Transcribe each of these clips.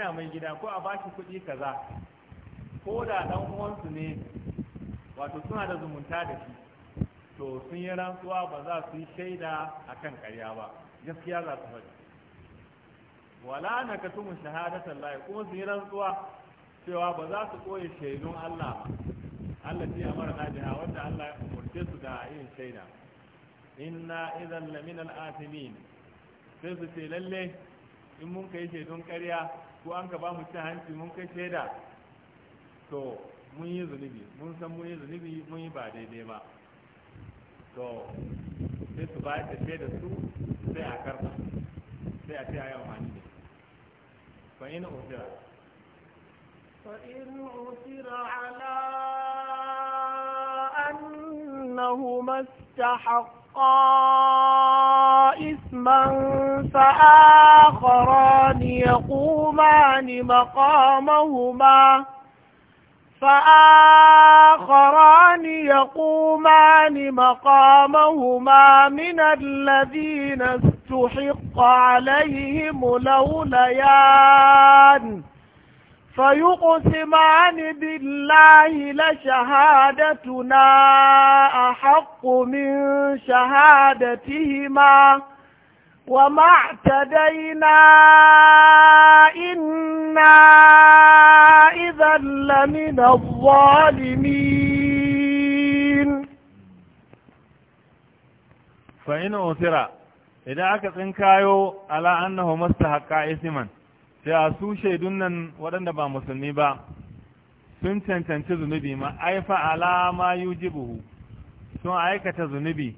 gina mai gida ko a bashi kuɗi kaza ko da ɗan uwansu ne wato suna da zumunta da shi to sun yi rantsuwa ba za su yi shaida a kan ƙarya ba gaskiya za su faɗi wala na tumu shahadatan lahi kuma sun yi rantsuwa cewa ba za su koye shaidun Allah ba Allah ce a mara najiha wanda Allah ya umurce su da yin shaida inna idan lamin al'asimin sai su ce lalle in mun kai shaidun ƙarya ko an ka ba mu cin hanci mun kai shaida to mun yi zunubi mun san mun yi zunubi mun yi ba daidai ba to sai su ba da shaida su sai a karba sai a ce a yi amfani da fa ina ofira fa in ofira ala annahuma istahaqqa إثما فآخران يقومان مقامهما فآخران يقومان مقامهما من الذين استحق عليهم لوليان فيقسمان بالله لشهادتنا أحق من شهادتهما وما اعتدينا إنا إذا لمن الظالمين فإن أثر إذا أكت إنكايو على أنه مستحق إثما a su shaidun nan waɗanda ba musulmi ba sun cancanci zunubi ma aifa alama yujibuhu sun aikata zunubi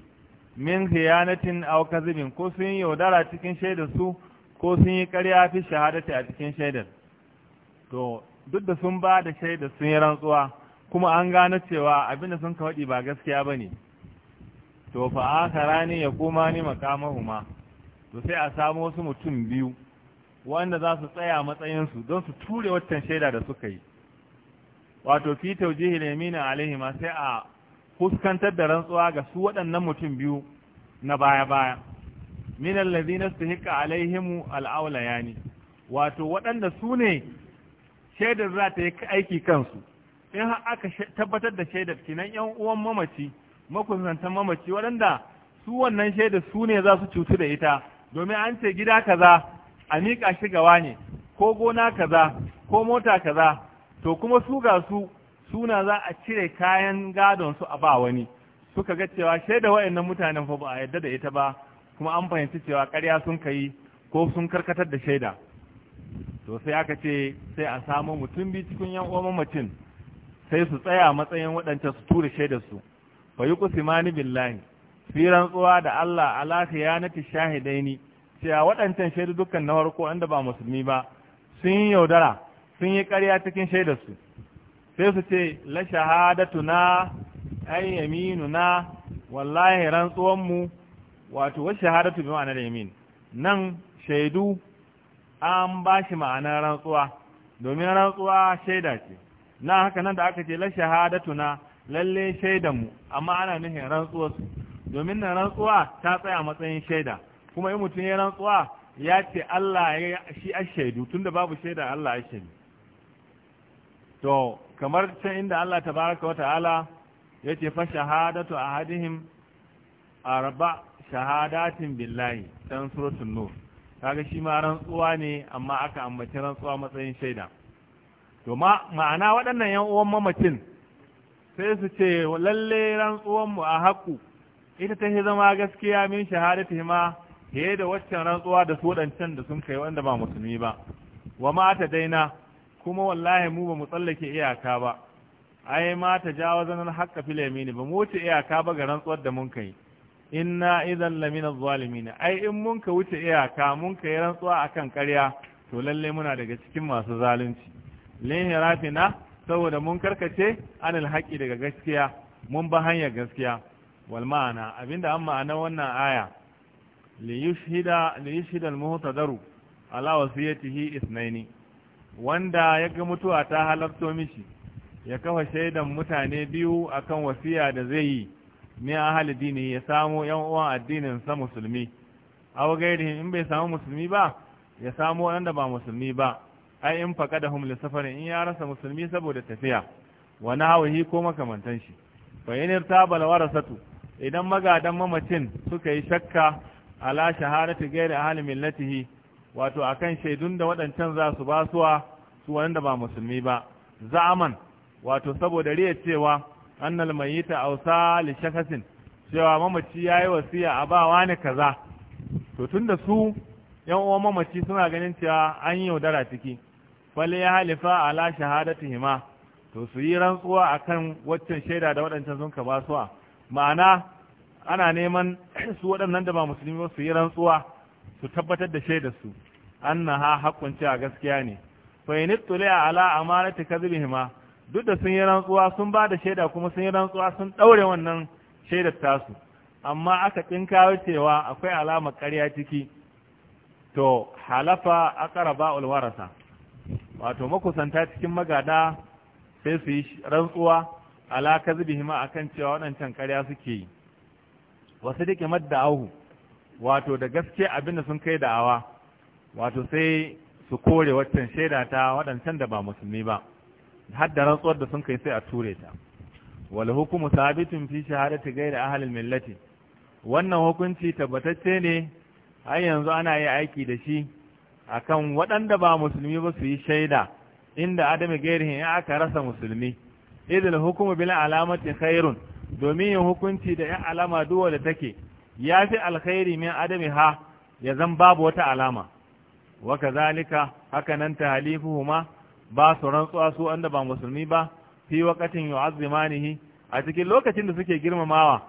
min khiyanatin aw kazibin ko sun yi yaudara cikin shaidar su ko sun yi ƙarya fi shahadati a cikin shaidar to duk da sun ba da shaidar sun yi rantsuwa kuma an gano cewa abinda sun ka ba gaskiya ba ne. to fa ni makamahu ma to sai a samu wasu mutum biyu wanda za su tsaya matsayinsu don su ture waccan shaida da suka yi wato fi taujihi yamina alaihi ma sai a fuskantar da rantsuwa ga su waɗannan mutum biyu na baya-baya min allazina stahika alaihimu al'aula yani wato waɗanda su ne shaidar za ta yi aiki kansu in har aka tabbatar da shaidar kinan yan uwan mamaci makusantan mamaci waɗanda su wannan shaidar su ne za su cutu da ita domin an ce gida kaza a miƙa shi gawa ne ko gona kaza ko mota kaza to kuma su ga su suna za a cire kayan gadon su a ba wani suka ga cewa shaida wayannan mutanen fa ba a yadda da ita ba kuma an fahimci cewa ƙarya sun kai ko sun karkatar da shaida to sai aka ce sai a samu mutum bi cikin yan uwa mamacin sai su tsaya matsayin waɗancan su tura shaidar su fa yuqsimani billahi fi rantsuwa da Allah ala khiyanati shahidaini cewa waɗancan shaidu dukkan na farko wanda ba musulmi ba sun yi yaudara sun yi ƙarya cikin shaidarsu sai su ce la shahadatu shahadatuna ay na wallahi mu wato wa shahadatu bi ma'anar yamin nan shaidu an ba shi ma'anar rantsuwa domin rantsuwa shaida ce na haka nan da aka ce la shahadatu na lalle shaidanmu amma ana nufin rantsuwa domin na rantsuwa ta tsaya matsayin shaida kuma in mutum ya rantsuwa ya ce Allah ya shi a shaidu tunda babu shaida Allah ya shaidu to kamar can inda Allah Ta baraka wa ta'ala ya ce fa shahadatu a arba shahadatin billahi dan suratul nur kaga shi ma rantsuwa ne amma aka ambaci rantsuwa matsayin shaida to ma'ana waɗannan yan uwan mamacin sai su ce lalle rantsuwan mu a haƙu ita ta zama gaskiya min shahadatihima he da waccan rantsuwa da su waɗancan da sun kai wanda ba musulmi ba wa ma ta daina kuma wallahi mu ba mu tsallake iyaka ba ai ma ta jawazan al-haqqa fil yamin ba mu wuce iyaka ba ga rantsuwar da mun kai inna idan lamina zalimin ai in mun ka wuce iyaka mun kai rantsuwa akan ƙarya to lalle muna daga cikin masu zalunci lin hirafina saboda mun karkace anil haqqi daga gaskiya mun ba hanyar gaskiya wal ma'ana abinda an ma'ana wannan aya liyushhida al-muhtadaru ala wasiyatihi ithnaini wanda ya ga mutuwa ta halarto mishi ya kafa shaidan mutane biyu akan wasiya da zai yi ne ahli dini ya samu yan uwan addinin sa musulmi aw gairihin in bai samu musulmi ba ya samu wanda ba musulmi ba ai in faqadahum li safarin in ya rasa musulmi saboda tafiya wa nahawihi ko makamantan shi fa in irtaba warasatu idan magadan mamacin suka yi shakka ala shaharati gairi ahli millatihi wato akan shaidun da waɗancan za su basuwa su wanda ba musulmi ba za'aman wato saboda riya cewa annal mayyita ta li shakasin cewa mamaci yayi wasiya a ba wani kaza to tunda su yan uwan mamaci suna ganin cewa an yi yaudara ciki fal ya halifa ala shahadatihima to su yi rantsuwa akan waccan shaida da waɗancan sun ka basuwa ma'ana ana neman su waɗannan da ba musulmi ba su yi rantsuwa su tabbatar da shaidar su ha hakkun cewa gaskiya ne fa in a ala amanati hima duk da sun yi rantsuwa sun ba da shaida kuma sun yi rantsuwa sun ɗaure wannan shaidar tasu amma aka tinkawo cewa akwai alama ƙarya ciki to halafa aqraba ulwarasa wato makusanta cikin magada sai su yi rantsuwa ala hima akan cewa waɗancan ƙarya suke yi wasu dake madda auhu wato da gaske abin da sun kai da'awa wato sai su kore waccan shaida ta waɗancan da ba musulmi ba har da rantsuwar da sun kai sai a ture ta wal hukumu sabitun fi shahadati ghairi ahalin millati wannan hukunci tabbatacce ne har yanzu ana yi aiki da shi akan waɗanda ba musulmi ba su yi shaida inda Adamu gairihin ya aka rasa musulmi idil hukumu bil alamati khairun domin yin hukunci da ‘yan alama duwa da take ya fi alkhairi min adami ha ya zan babu wata alama waka zalika haka nan ta ma ba su rantsuwa su wanda ba musulmi ba fi wakatin yau azimanihi a cikin lokacin da suke girmamawa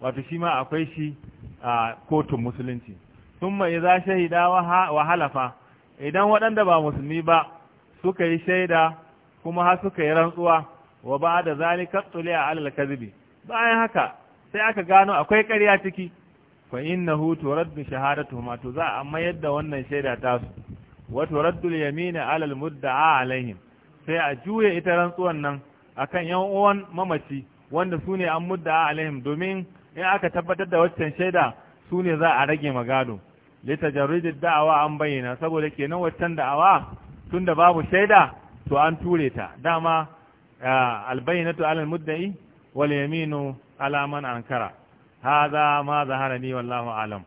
wato shi ma akwai shi a kotun musulunci sun mai za shahida wa halafa idan waɗanda ba musulmi ba suka yi shaida kuma har suka yi rantsuwa wa ba da zalika tsuli a alal kazibi bayan haka sai aka gano akwai ƙarya ciki fa innahu turaddu ma to za a mayar da wannan shaida ta su wa turaddu al-yamina 'ala al-mudda'a alaihim sai a juye ita rantsuwan nan akan yan uwan mamaci wanda su ne an mudda'a alaihim domin in aka tabbatar da waccan shaida ne za a rage magado litajarrid da'awa an bayyana saboda kenan waccan da'awa tunda babu shaida to an ture ta dama albayyinatu 'ala al-mudda'i wal alaman ankara hadha ma zahara ni wallahu alam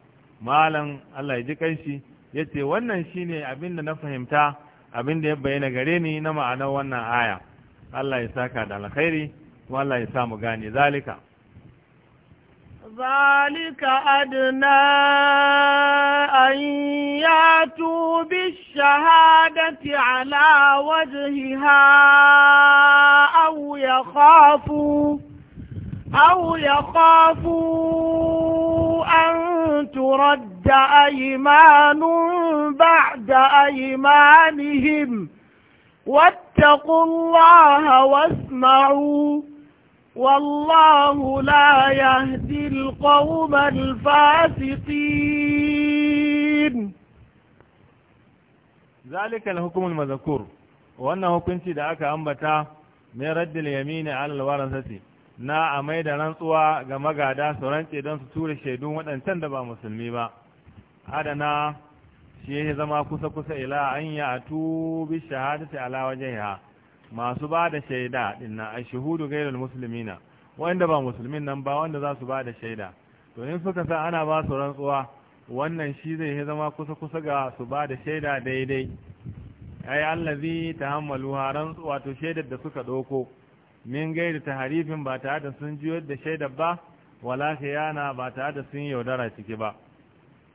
malam Allah ya ji kanshi yace wannan shine abin da na fahimta abin da ya bayyana gare ni na ma'anar wannan aya Allah ya saka da alkhairi kuma Allah ya mu gane zalika ذلك أدنى أن ياتوا بالشهادة على وجهها أو يخافوا أو يخافوا أن ترد أيمان بعد أيمانهم واتقوا الله واسمعوا والله لا يهدي القوم الفاسقين ذلك الحكم المذكور وأنه كنت دعاك أنبتا من رد اليمين على الورثة na a mai da rantsuwa ga magada su rance don su tura shaidun waɗancan da ba musulmi ba adana shi ya zama kusa-kusa ila an yi a tubi shahadata ala ya masu ba da shaida ɗin na a shahudu gairar musulmi na wanda ba musulmin nan ba wanda za su ba da shaida to in suka sa ana ba su rantsuwa wannan shi zai yi zama kusa-kusa ga su ba da shaida daidai ai allazi ta hammalu rantsuwa to shaidar da suka ɗauko min gaida ta harifin ba tare da sun ji da shaida ba wala khiyana ba tare da sun yaudara ciki ba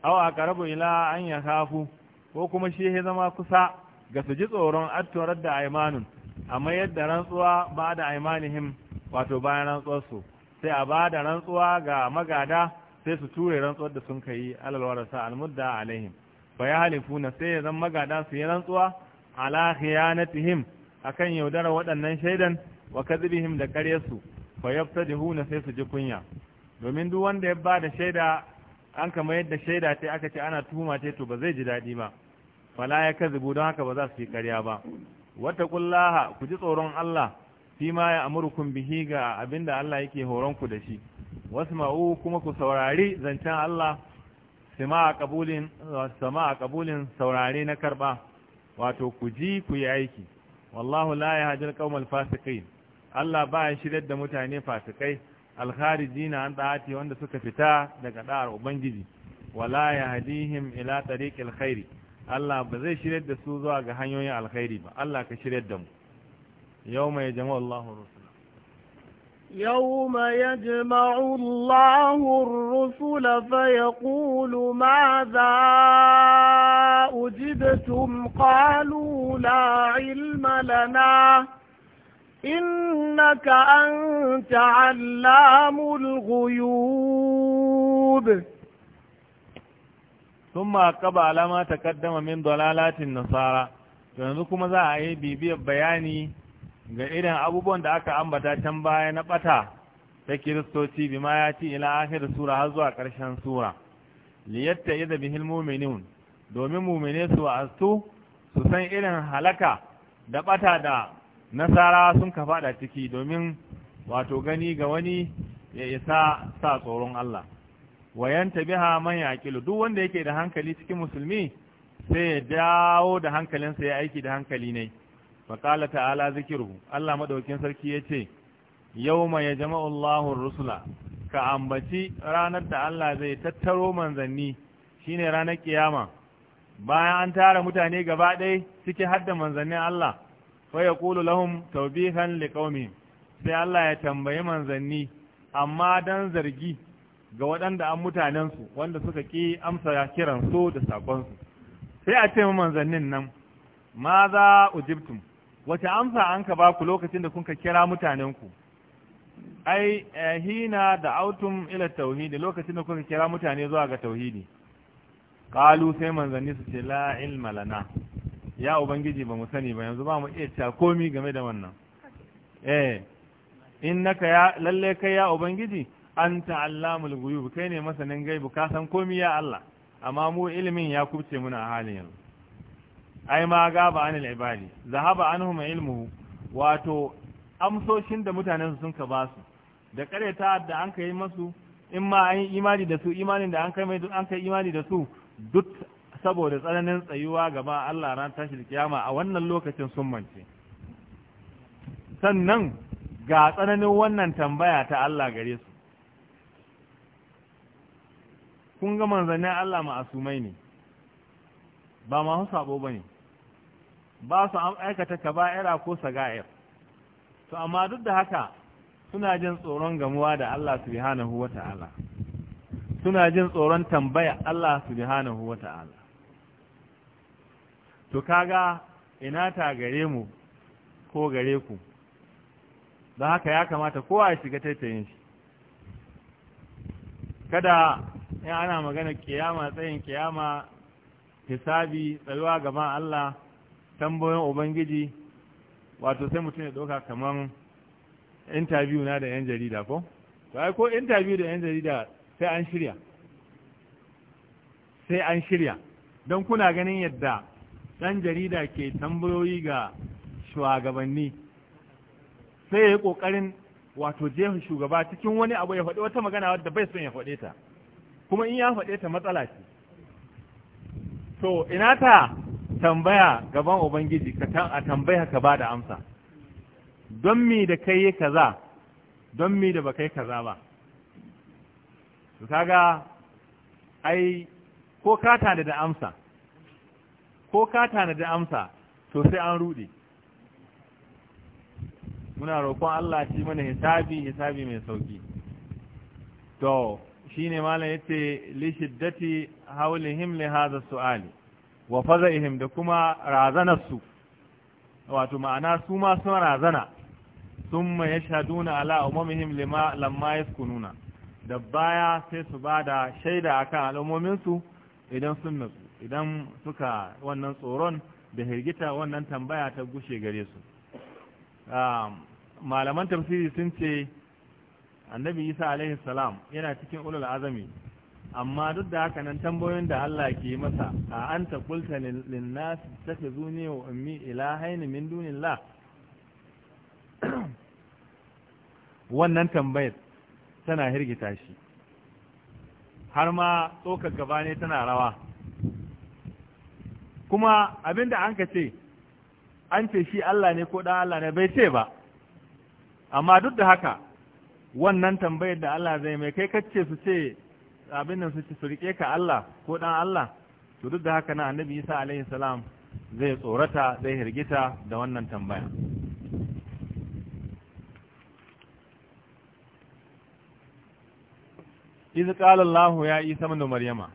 aw aqrabu ila an yakhafu ko kuma shi ya zama kusa ga su ji tsoron attorar da aymanun amma yadda rantsuwa ba da aymanihim wato bayan rantsuwar su sai a ba da rantsuwa ga magada sai su ture rantsuwar da sun kai alal warasa almudda alaihim fa ya halifuna sai ya zama magada su yi rantsuwa ala khiyanatihim akan yaudara waɗannan shaidan wa kadhibihim da ƙaryarsu fa yaftadihuna sai su ji kunya domin duk wanda ya bada shaida an kama yadda shaida ta aka ce ana tuhuma ta to ba zai ji daɗi ba fala ya kazibu don haka ba za su yi karya ba wata kullaha ku ji tsoron Allah fi ma ya amurkun bihi ga abinda Allah yake horon ku da shi wasu ma'u kuma ku saurari zancen Allah sama a kabulin saurari na karɓa wato ku ji ku yi aiki wallahu la ya hajjar kawmal fasikai Allah ba ya shirar da mutane fasikai alhariji na an da'ati wanda suka fita daga ɗa'ar ubangiji wala yahdihim ila tariqil alkhairi. Allah ba zai shirar da su zuwa ga hanyoyin alkhairi ba Allah ka shirar da mu yawma yajma'u Allahu rusula yawma yajma'u Allahu rusula fayaqulu madha ujibtum qalu la ilma lana إنك أنت علام الغيوب ثم أقب على ما تقدم من ضلالات النصارى yanzu kuma za a yi bibiyar bayani ga irin abubuwan da aka ambata can baya na bata ta kiristoci bi ma ya ci ila akhir sura har zuwa ƙarshen sura liyatta yadda bihil mu'minun domin mu'mine su wa'astu su san irin halaka da bata da nasara sun ka fada ciki domin wato gani ga wani ya isa sa tsoron Allah wayanta biha man yaqilu duk wanda yake da hankali cikin musulmi sai ya dawo da hankalinsa ya aiki da hankali ne qala ta'ala zikiru. Allah maɗaukin sarki yace yawma yajma'u Allahu ar-rusula ka ambaci ranar da Allah zai tattaro manzanni shine ranar kiyama bayan an tara mutane gaba ɗaya ciki hadda manzannin Allah fa yaqulu lahum tawbihan liqaumihim sai Allah ya tambayi manzanni amma dan zargi ga waɗanda an mutanen su wanda suka ki amsa kiran su da sakon su sai a ce manzannin nan ma za ujibtum wace amsa an ka ba ku lokacin da kuka kira mutanen ku ai eh, hina da autum ila tauhidi lokacin da kuka kira mutane zuwa ga tauhidi qalu sai manzanni su ce la ilma lana ya ubangiji ba mu sani ba yanzu ba mu iya cewa komi game da wannan eh innaka ya lalle kai ya ubangiji anta allamul ghuyub kai ne masanin gaibu ka san komi ya Allah amma mu ilimin ya kubce muna a halin yanzu ai ma ga ba anil ibadi zahaba anhum ilmuhu wato amsoshin da mutanen sun ka ba su da kareta da an kai masu in ma an yi imani da su imanin da an kai mai an kai imani da su duk saboda tsananin tsayuwa gaba Allah ran tashi kiyama a wannan lokacin sun mance sannan ga tsananin wannan tambaya ta Allah gare su kun ga manzannin Allah ma'asumai ne ba masu sabo ba ne ba su aikata kaba'ira ko saga'ir to amma duk da haka suna jin tsoron gamuwa da Allah subhanahu wata'ala suna jin tsoron tambaya Allah subhanahu wata'ala to kaga ina ta gare mu ko gare ku don haka ya kamata kowa ya shiga taitayin shi kada in ana magana kiyama tsayin kiyama hisabi tsayuwa gaba Allah tambayoyin ubangiji wato sai mutum ya ɗauka kamar interview na da 'yan jarida ko? to ai ko interview da 'yan jarida sai an shirya sai an shirya don kuna ganin yadda ɗan jarida ke tambayoyi ga shugabanni sai ya yi ƙoƙarin wato jefa shugaba cikin wani abu ya faɗi wata magana wadda bai son ya faɗe ta kuma in ya faɗe ta matsala ce to ina ta tambaya gaban ubangiji a tambaya ka ba da amsa don mi da kai yi kaza don mi da ba kai kaza ba kaga ai ko kata da da amsa ko ka tanadi amsa to sai an rude muna roƙon Allah shi mana hisabi hisabi mai sauki to shine malam yace li shiddati hawlihim li hadha su'ali wa faza'ihim da kuma razanar su wato ma'ana su ma sun razana sun yashhaduna ala umamihim lima lamma yaskununa da baya sai su bada shaida akan al'ummomin su idan sun nutsu idan suka wannan tsoron da hirgita wannan tambaya ta gushe gare su malaman tafsiri sun ce annabi isa alaihi salam yana cikin ulul azami amma duk da haka nan tambayoyin da Allah ke masa a an ta kulta linnas zuni wa ummi ilahain min dunillah wannan tambayar tana hirgita shi har ma tsokar gaba ne tana rawa kuma abinda an ka ce an ce shi Allah ne ko ɗan Allah ne bai ce ba amma duk da haka wannan tambayar da Allah zai mai kai kace su ce abin nan su ce su rike ka Allah ko dan Allah to duk da haka na annabi Isa alaihi salam zai tsorata zai hirgita da wannan tambaya iz qala ya Isa ibn Maryama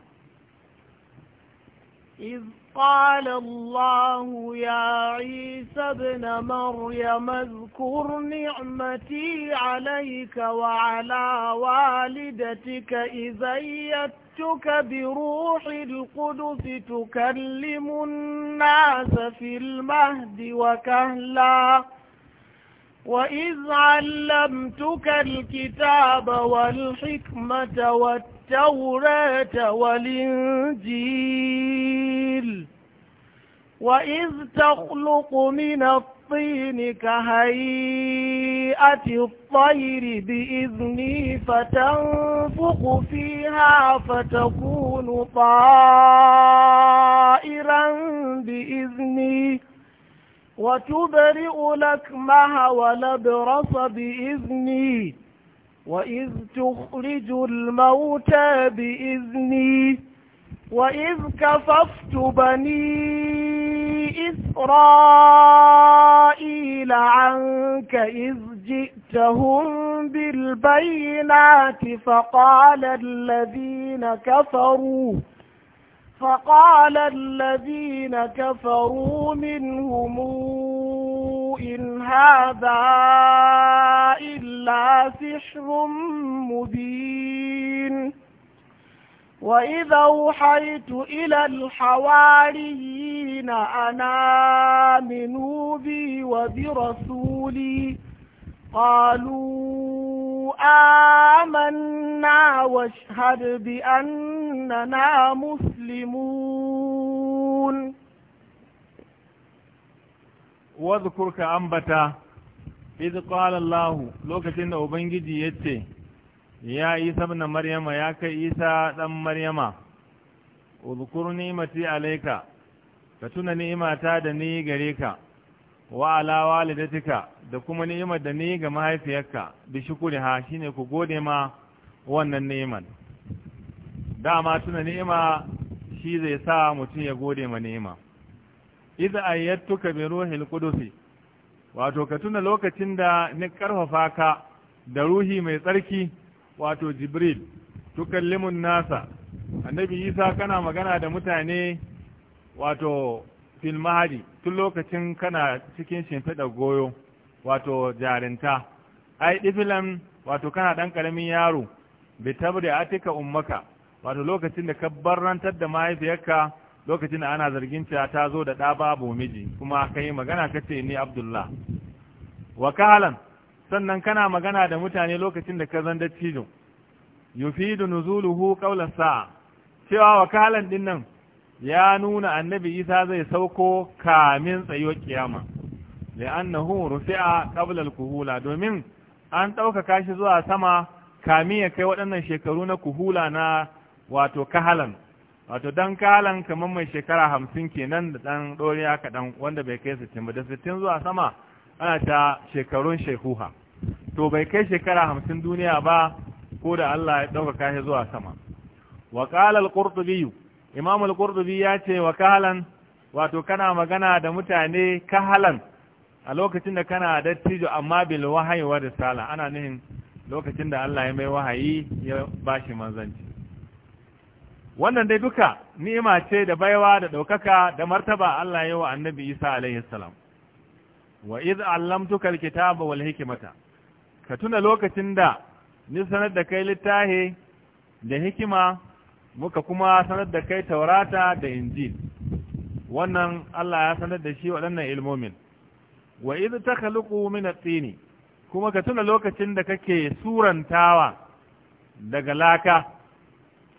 إذ قال الله يا عيسى ابن مريم اذكر نعمتي عليك وعلى والدتك إذ أيدتك بروح القدس تكلم الناس في المهد وكهلا وإذ علمتك الكتاب والحكمة والتعلم التوراة والإنجيل وإذ تخلق من الطين كهيئة الطير بإذني فتنفق فيها فتكون طائرا بإذني وتبرئ لكمها ولبرص بإذني وإذ تخرج الموتى بإذني وإذ كففت بني إسرائيل عنك إذ جئتهم بالبينات فقال الذين كفروا فقال الذين كفروا منهم إن هذا إلا سحر مبين وإذا أوحيت إلى الحواريين أنا آمنوا بي وبرسولي قالوا آمنا واشهد بأننا مسلمون wadhkur ka ambata idh qala Allah lokacin da ubangiji yace ya Isa ibn Maryama ya kai Isa dan Maryama udhkur ni'mati alayka ka tuna ni'imata da ni gare ka wa ala walidatika da kuma ni'imar da ni ga mahaifiyarka bi shukuri ha shine ku gode ma wannan ni'man dama tuna ni'ma shi zai sa mutum ya gode ma ni'ima iza ayyatuka bi ruhil qudus wato ka tuna lokacin da ni karfafa ka da ruhi mai tsarki wato jibril tukallimun nasa annabi isa kana magana da mutane wato fil mahadi tun lokacin kana cikin shimfiɗar goyo wato jarinta ai difilan wato kana ɗan karamin yaro bi tabri atika ummaka wato lokacin da ka barrantar da mahaifiyarka lokacin da ana zargin cewa ta zo da ɗa babu miji kuma ka yi magana ka ce ni abdullah wa kahalan sannan kana magana da mutane lokacin da ka zan dattijo yufidu nuzuluhu qawla sa'a cewa wa kahalan din nan ya nuna annabi isa zai sauko kamin tsayo kiyama li'annahu rufi'a qabla al-kuhula domin an ɗaukaka shi zuwa sama kamin ya kai waɗannan shekaru na kuhula na wato kahalan wato dan kalan kamar mai shekara hamsin kenan da dan ɗoriya kaɗan wanda bai kai sittin ba da sittin zuwa sama ana ta shekarun shekuha to bai kai shekara hamsin duniya ba ko da Allah ya ɗauka kashe zuwa sama wa qala al-qurtubi imam al ya ce wa wato kana magana da mutane kahalan a lokacin da kana dattijo amma bil wahayi wa risala ana nihin lokacin da Allah ya mai wahayi ya bashi manzanci wannan dai duka ni'ima ce da baiwa da ɗaukaka da martaba Allah ya wa annabi Isa alaihi salam wa iz allamtuka alkitaba wal hikmata ka tuna lokacin da ni sanar da kai littahi da hikima muka kuma sanar da kai taurata da injil wannan Allah ya sanar da shi waɗannan ilmomin wa iz takhluqu min at tini kuma ka tuna lokacin da kake surantawa daga laka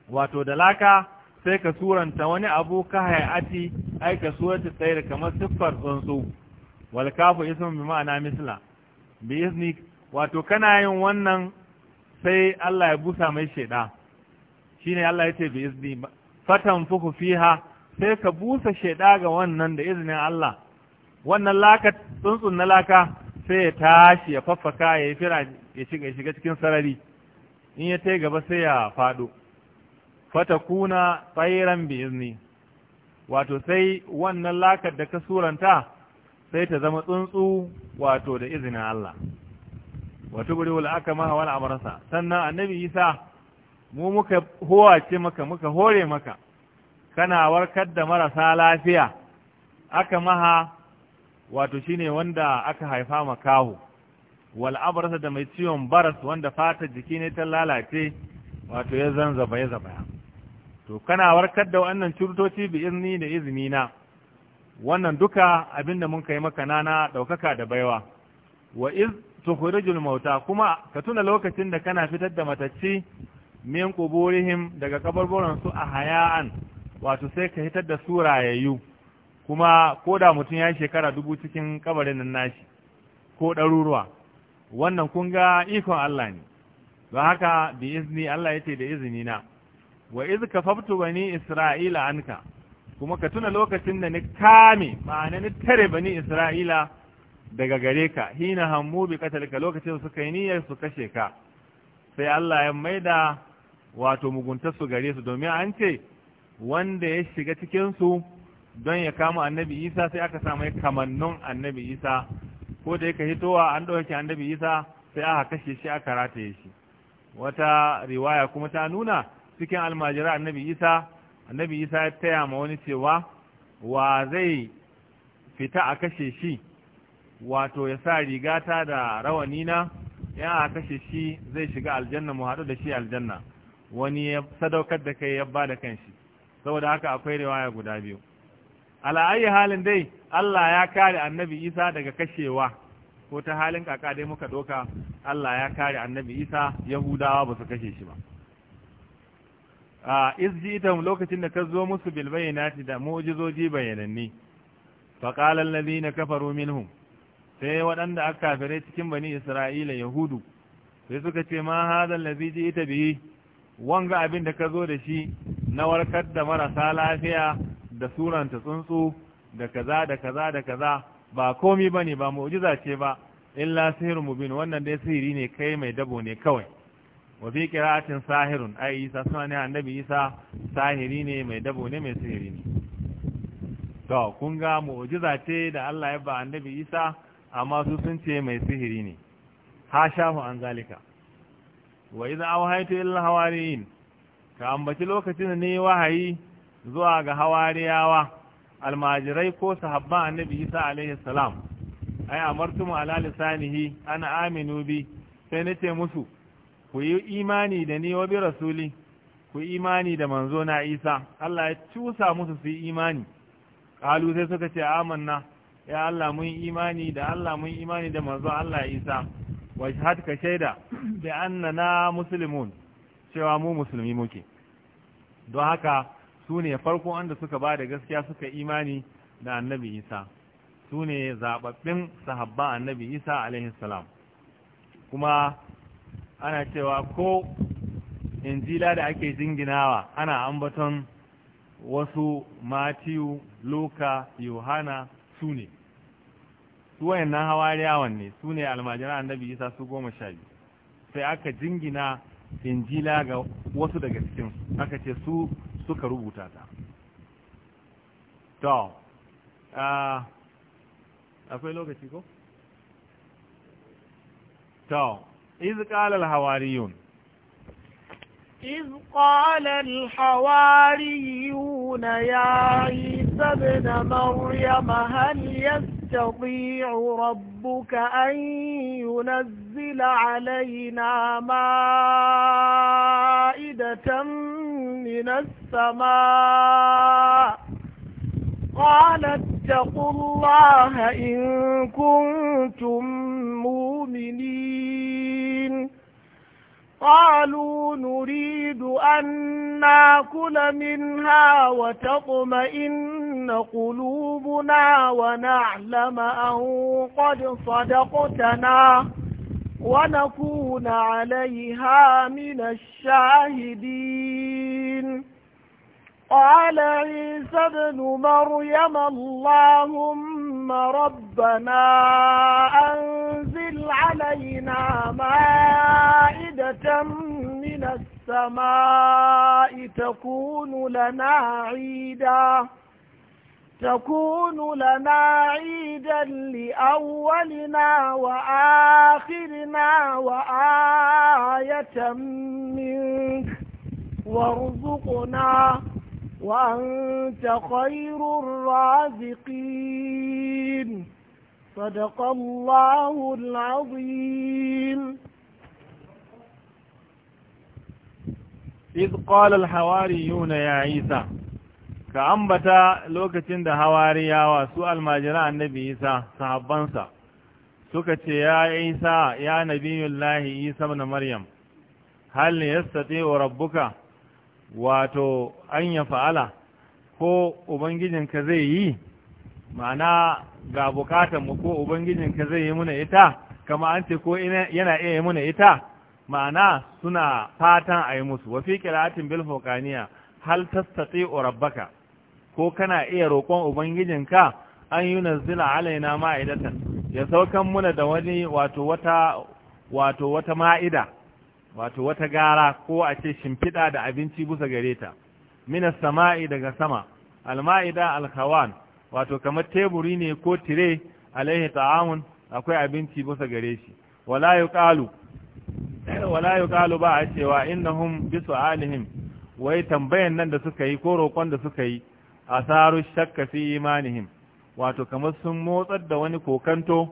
wato da laka sai ka suranta wani abu ka hayati ai ka suranta tsayar kamar siffar tsuntsu wal kafu ismun bi ma'ana misla bi izni wato kana yin wannan sai Allah ya busa mai sheda shine Allah ya ce bi izni fatan fuhu fiha sai ka busa sheda ga wannan da izinin Allah wannan laka tsuntsun na laka sai ya tashi ya faffaka ya fira ya shiga cikin sarari in ya tai gaba sai ya fado fatakuna tsairan bi izni wato sai wannan lakar da ka suranta sai ta zama tsuntsu wato da izinin Allah wato guri wala aka maha wani amarsa sannan annabi isa mu muka howace maka muka hore maka kana warkar da marasa lafiya aka maha wato shine wanda aka haifa makaho wal abrasa da mai ciwon baras wanda fata jiki ne ta lalace wato ya zanzaba ya zaba to kana warkar da wannan cutoci bi izini da izini na wannan duka abinda mun kai maka nana daukaka da baiwa wa iz tukhrijul mauta kuma ka tuna lokacin da kana fitar da matacci min quburihim daga kabarburan su a hayaan wato sai ka hitar da su rayayyu kuma ko da mutum ya shekara dubu cikin kabarin nan nashi ko ɗaruruwa wannan kun ga ikon Allah ne don haka bi izini Allah yace da izini na wa iz kafaftu bani isra'ila anka kuma ka tuna lokacin da ni kame ma'ana ni tare bani isra'ila daga gare ka hina hammu bi katalka lokacin suka yi niyyar su kashe ka sai Allah ya maida wato muguntar su gare su domin an ce wanda ya shiga cikin su don ya kama annabi Isa sai aka samu kamannun annabi Isa ko da yake hitowa an dauke annabi Isa sai aka kashe shi aka rataye shi wata riwaya kuma ta nuna cikin almajira annabi isa annabi isa ya taya ma wani cewa wa zai fita a kashe shi wato ya sa rigata da rawani ya a kashe shi zai shiga aljanna mu haɗu da shi aljanna wani ya sadaukar da kai ya ba bada kanshi saboda haka akwai riwaya guda biyu ala ayi halin dai Allah ya kare annabi Isa daga kashewa ko ta halin kaka dai muka doka Allah ya kare annabi Isa Yahudawa ba su kashe shi ba a izjitum lokacin da ka zo musu bil bayyinati da mu'jizoji bayananni fa qala alladhina kafaru minhum sai waɗanda aka kafire cikin bani isra'ila yahudu sai suka ce ma hadha allazi ji'ta bihi wanga abin da ka zo da shi na warkar da marasa lafiya da suranta tsuntsu da kaza da kaza da kaza ba komi bane ba mu'jiza ce ba illa sihir mubin wannan dai sihiri ne kai mai dabo ne kawai wa fi sahirun ai isa sunan annabi isa sahiri ne mai dabo ne mai sihiri ne to kun ga mu'jiza ce da Allah ya ba annabi isa amma su sun ce mai sihiri ne ha shafu an zalika wa idza awhaytu ila hawariyin ka ambaci lokacin da ne wahayi zuwa ga hawariyawa almajirai ko sahabban annabi isa alaihi salam ai amartum ala lisanihi ana aminu bi sai nace musu ku yi imani da ni wa bi rasuli ku yi imani da manzo na Isa Allah ya cusa musu su yi imani kalu sai suka ce amanna ya Allah mun imani da Allah mun imani da manzo Allah Isa wa shahad ka shaida bi annana muslimun cewa mu musulmi muke don haka sune ne farko anda suka ba da gaskiya suka imani da annabi Isa Sune ne zababbin sahabba annabi Isa alaihi salam kuma ana cewa ko injila da ake jinginawa ana ambaton wasu matiyu luka yohana su ne su wayannan hawariyawan ne su ne almajiran annabi isa su goma sha biyu sai aka jingina injila ga wasu daga cikin aka ce su suka rubuta ta to akwai lokaci ko? to إذ قال الحواريون إذ قال الحواريون يا عيسى ابن مريم هل يستطيع ربك أن ينزل علينا مائدة من السماء قالت واتقوا الله إن كنتم مؤمنين قالوا نريد أن ناكل منها وتطمئن قلوبنا ونعلم أن قد صدقتنا ونكون عليها من الشاهدين قال عيسى ابن مريم اللهم ربنا أنزل علينا مائدة من السماء تكون لنا عيدا تكون لنا عيدا لأولنا وآخرنا وآية منك وارزقنا وأنت خير الرازقين صدق الله العظيم إذ قال الحواريون يا عيسى كأنبت لوكتين ده حواريا وسؤال ما جرى النبي عيسى صحبانسا سكت يا عيسى يا نبي الله عيسى بن مريم هل يستطيع ربك wato an ya fa'ala ko ubangijinka zai yi ma'ana ga bukatanmu ko ubangijinka zai yi muna ita kama an ce ko yana iya yi muna ita ma'ana suna fatan a yi musu wafi kira'atin bilfokaniya hal tastatsi rabbaka ko kana iya roƙon ubangijinka an yi nazila alaina ma'idatan ya saukan muna da wani wato wata wato wata ma'ida wato wata gara ko a ce shimfiɗa da abinci busa gare ta minas sama'i daga sama alma'ida alkawan wato kamar teburi ne ko tire alaihi ta'amun akwai abinci busa gare shi wala yuqalu wala yuqalu ba a cewa innahum bisu'alihim Alihim. wai tambayan nan da suka yi ko roƙon da suka yi asaru shakka fi imanihim wato kamar sun motsar da wani kokanto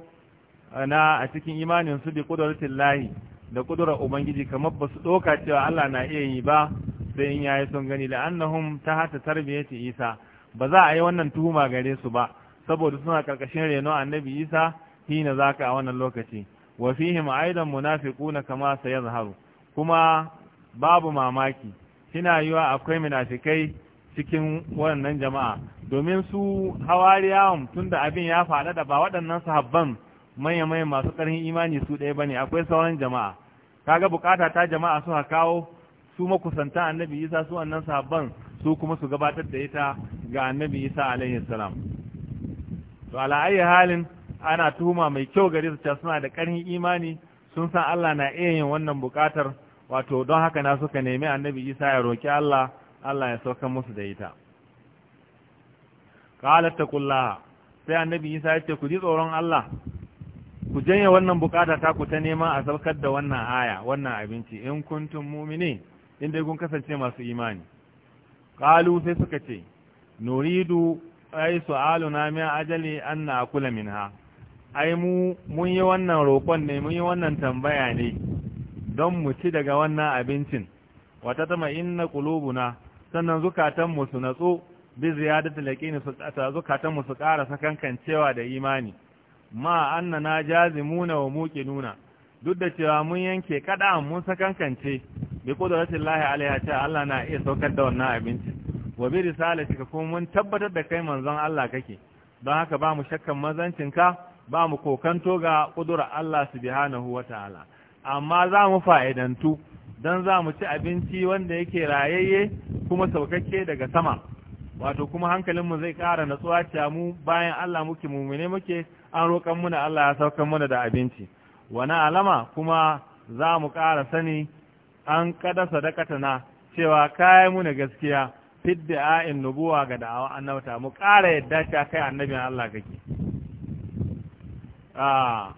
na a cikin imanin su bi qudratillahi da kudura ubangiji kamar ba su doka cewa Allah na iya yi ba sai in yayi son gani da annahum ta hata tarbiyyati Isa ba za a yi wannan tuhuma gare su ba saboda suna karkashin reno annabi Isa hina zaka a wannan lokaci wa fihim aidan munafiquna kama sayazharu kuma babu mamaki kina yiwa akwai munafikai cikin wannan jama'a domin su hawariyawan tunda abin ya faɗa da ba waɗannan sahabban manya-manya masu ƙarfin imani su ɗaya ba ne, akwai sauran jama'a kaga bukata ta jama'a su kawo su makusanta annabi isa su annan sahabban su kuma su gabatar da ita ga annabi isa alaihi salam to ala ayi halin ana tuhuma mai kyau gare su ta suna da ƙarfin imani sun san Allah na iya yin wannan bukatar wato don haka na suka nemi annabi isa ya roki Allah Allah ya sauka musu da ita qalat taqullah sai annabi isa ya ce ku ji tsoron Allah ku janye wannan bukata ta ku ta nema a saukar da wannan aya wannan abinci in kuntum mumini inda kun kasance masu imani qalu sai suka ce nuridu ay na mai ajali an akula minha ai mu mun yi wannan roƙon ne mun yi wannan tambaya ne don mu ci daga wannan abincin wata tama inna qulubuna sannan zukatanmu su natsu bi ziyadatul yaqini su zukatan mu su ƙara sakankan da imani ma na jazimuna wa nuna. duk da cewa mun yanke kada mun sakankance bi qudratin lahi alaiha ta Allah na iya saukar da wannan abinci wa bi ka kuma mun tabbatar da kai manzon Allah kake don haka ba mu shakkan mazancinka ba mu kokanto ga ƙudura Allah subhanahu wataala amma za mu fa'idantu don za mu ci abinci wanda yake rayayye kuma saukakke daga sama wato kuma hankalinmu zai ƙara natsuwa ta mu bayan Allah muke mumune muke an roƙon muna Allah ya saukan muna da abinci wani alama kuma za mu ƙara sani an kada na cewa kayan muna gaskiya fit da a'in nubuwa ga da'awa annabta mu ƙara yadda shi a kai annabin Allah kake ah,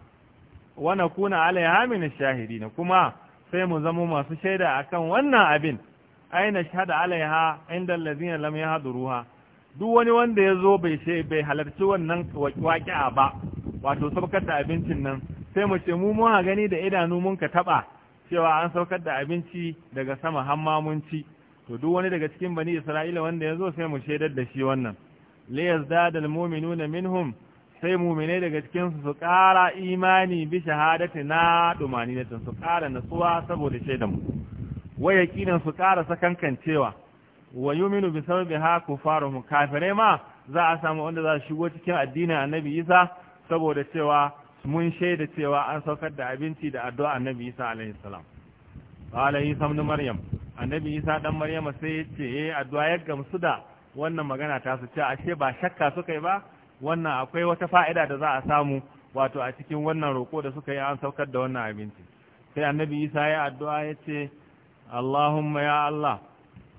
wana kuna alaiha min shahidina kuma sai mu zama masu shaida akan wannan abin aina shahada alaiha inda ya lam yahduruha duk wani wanda ya zo bai sai bai halarci wannan waƙi'a ba wato saukar da abincin nan sai mu ce mu mun gani da idanu mun ka taɓa cewa an saukar da abinci daga sama hamma mun ci to duk wani daga cikin bani isra'ila wanda ya zo sai mu shaidar da shi wannan liyas dadal na minhum sai muminai daga cikin su su ƙara imani bi shahadati na dumani su ƙara natsuwa saboda shaidan mu wai su ƙara sakankan cewa wa yuminu bi sababiha kufaruhum kafirai ma za a samu wanda za su shigo cikin addinin annabi Isa saboda cewa mun shaida cewa an saukar da abinci da addu'a annabi Isa alaihi salam qala Isa ibn Maryam annabi Isa dan Maryama sai yace eh addu'a ya gamsu da wannan magana ta su ce ashe ba shakka suka yi ba wannan akwai wata fa'ida da za a samu wato a cikin wannan roko da suka yi an saukar da wannan abinci sai annabi Isa ya addu'a yace ce Allahumma ya Allah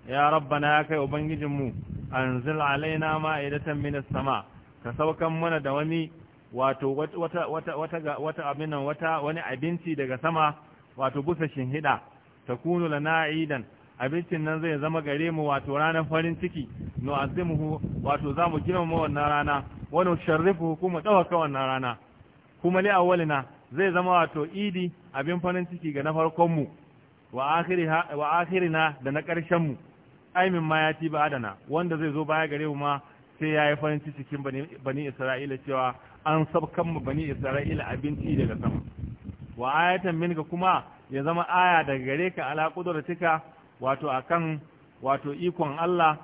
ya rabbana ya kai ubangijinmu anzil alaina ma'idatan minas sama ka saukan mana da wani wato wata wata wata wata abinan wata wani abinci daga sama wato busashin hida takunu lana idan abincin nan zai zama gare mu wato ranar farin ciki no azimuhu wato zamu mu wannan rana wani sharrifu kuma dawaka wannan rana kuma li awwalina zai zama wato idi abin farin ciki ga na farkon mu wa akhirina da na karshen mu aimin ma ya ci ba adana wanda zai zo baya gare mu ma sai ya yi farin cikin bani isra'ila cewa an sabkan mu bani isra'ila abinci daga sama wa ayatan minka kuma ya zama aya daga gare ka ala kudratika wato akan wato ikon Allah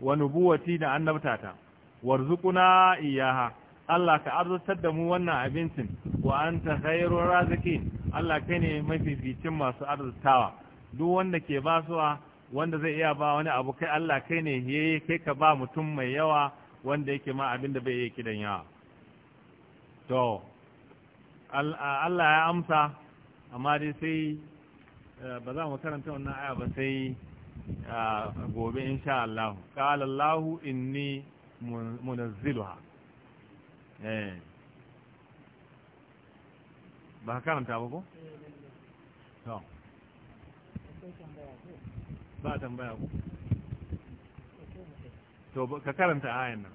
wa nubuwati da annabtata warzuquna iyaha Allah ka arzutar da mu wannan abincin wa anta khairur razikin Allah kai ne mafificin masu arzutawa duk wanda ke basuwa wanda zai iya ba wani abu kai Allah kai ne yayi kai ka ba mutum mai yawa wanda yake ma abin da bai yi kidan yawa to Allah ya amsa amma dai sai eh, ba za mu karanta wannan aya ba sai gobe insha Allah qala Allah inni munazziluha eh ba karanta ba ko to ba a tambaya ku to ka karanta ayan nan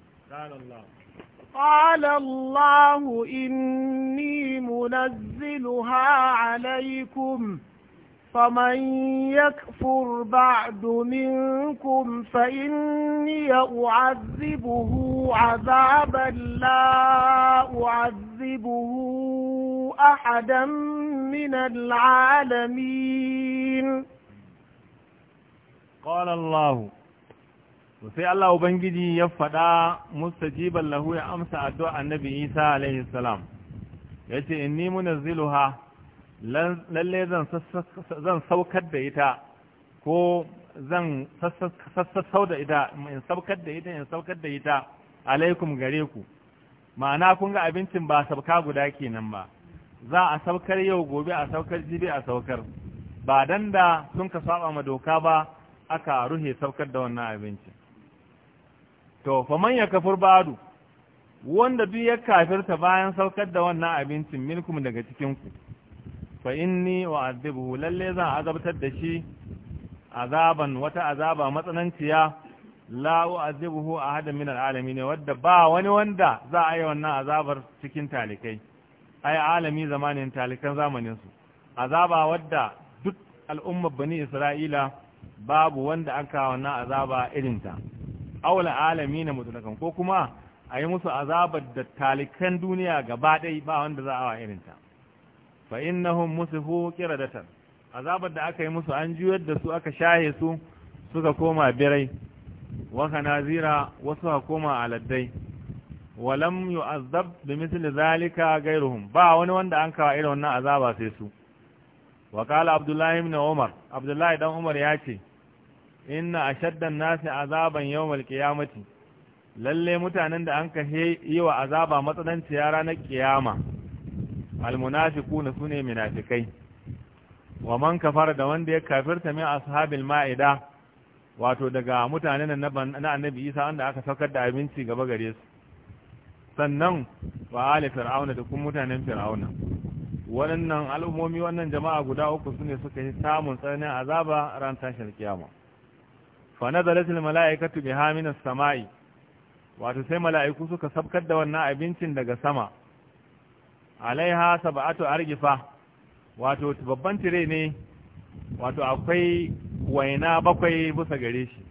قال الله إني منزلها عليكم فمن يكفر بعد منكم فإني أعذبه عذابا لا أعذبه أحدا من العالمين qala Allah sai Allah ubangiji ya faɗa mustajiban lahu ya amsa addu'a annabi Isa alaihi salam yace inni munazziluha lalle zan zan saukar da ita ko zan sassau da ita in saukar da ita in saukar da ita alaikum gare ku ma'ana kun ga abincin ba sabka guda kenan ba za a saukar yau gobe a saukar jibi a saukar ba dan da sun ka saba ma doka ba aka ruhe saukar da wannan abincin to faman ya kafur badu wanda duk ya kafirta bayan saukar da wannan abincin milkum daga cikinku fa inni wa azibuhu lalle zan azabtar da shi azaban wata azaba matsananciya a hada minar alami ne wadda ba wani wanda za a yi wannan azabar cikin talikai ai alami zamanin talikan zamanin azaba wadda duk al'ummar bani isra'ila babu wanda aka kawo wannan azaba irinta aula alami na mutulakan ko kuma a yi musu azabar da talikan duniya gaba ɗai ba wanda za a wa irinta fa innahum musifu qiradatan azabar da aka yi musu an juyar da su aka shahe su suka koma birai wa kanazira wasu ha koma aladdai walam yu'azzab bi misli zalika ghayruhum ba wani wanda an kawo irin wannan azaba sai su Wakali qala abdullahi ibn umar abdullahi dan umar ya ce inna shaddan nasi azaban yawmal qiyamati lalle mutanen da anka yi wa azaba matsananciya ranar kiyama almunafiquna sune munafikai wa man kafara da wanda ya kafirta min ashabil ma'ida wato daga mutanen na annabi Isa wanda aka saukar da abinci gaba gare su sannan wa ali fir'auna da kuma mutanen fir'auna waɗannan al'ummomi wannan jama'a guda uku su suka yi samun tsananin azaba ran tashin kiyama fa al mala'ikatu biha as sama'i wato sai mala'iku suka sabkar da wannan abincin daga sama alaiha sab'atu argifa wato babban tire ne wato akwai waina bakwai bisa gare shi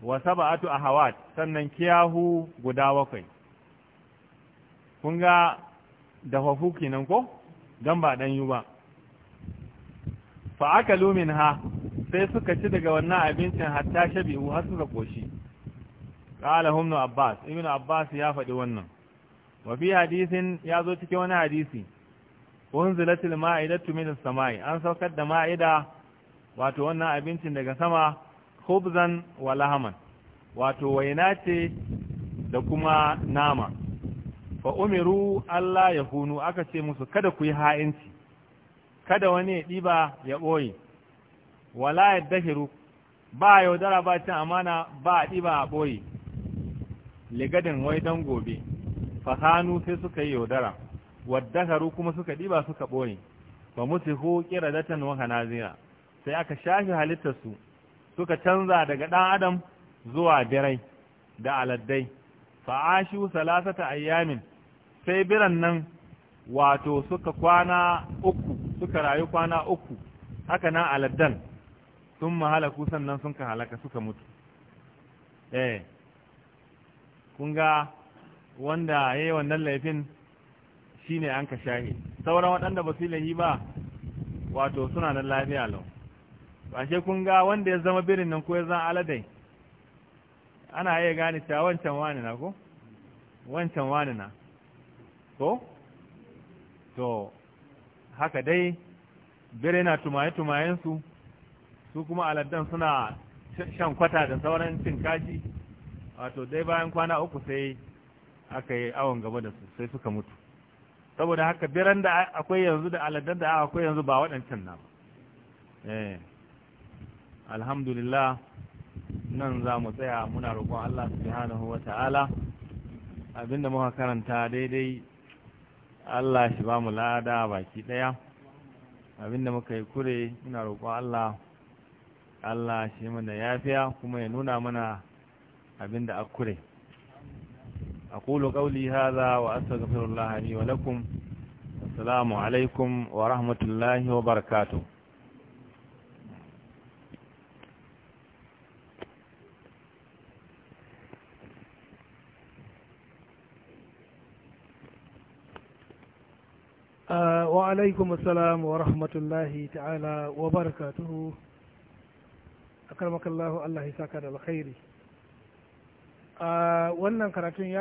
wa sab'atu ahawat sannan kiyahu guda bakwai kun ga dafafu kenan ko don ba yiwu ba fa aka lumin ha sai suka ci daga wannan abincin hatta shabihu har suka koshi qala humnu abbas ibn abbas ya faɗi wannan wa hadisin ya zo cikin wani hadisi unzilatil ma'idatu minas samai an saukar da ma'ida wato wannan abincin daga sama khubzan wa lahaman wato waina ce da kuma nama fa umiru Allah ya hunu aka ce musu kada ku yi ha'inci kada wani ya ɗiba ya ɓoye wala ya dahiru ba yaudara ba cin amana ba a ɗiba a ɓoye ligadin wai don gobe fahanu sai suka yi yaudara waddakaru kuma suka ɗiba suka ɓoye ba musu hu kira datan waka nazira. sai aka shafi halittarsu suka canza daga ɗan adam zuwa birai da aladdai fa'ashu salasata ayyamin sai biran nan wato suka kwana uku suka rayu kwana uku haka nan aladdan sun mahalaku sannan sun ka halaka suka mutu eh kunga wanda ya yi wannan laifin shi ne an ka shahi sauran waɗanda ba su yi ba wato suna nan lafiya lau ashe kun ga wanda ya zama birin nan ko ya zama aladai ana iya gane ta wancan wani na ko wancan wani na ko to haka dai bere na tumaye-tumayensu su kuma aladdan suna shan kwata da sauran cin kaji wato dai bayan kwana uku sai aka yi awon gaba da su sai suka mutu saboda haka biran da akwai yanzu da aladdan da akwai yanzu ba waɗancan na ba eh alhamdulillah nan za mu tsaya muna roƙon Allah su wa ta'ala abinda muka karanta daidai Allah shi ba mu lada baki ɗaya abinda muka yi kure ina roƙo Allah Allah shi da yafiya kuma ya nuna mana abinda a kure a kulu ƙauli haza wa asa gafirar wa lakum assalamu alaikum wa rahmatullahi wa barakatuh wa alaikum assalam wa rahmatullahi ta'ala wa barakatuhu akarmakallahu Allah ya saka da alkhairi wannan karatun ya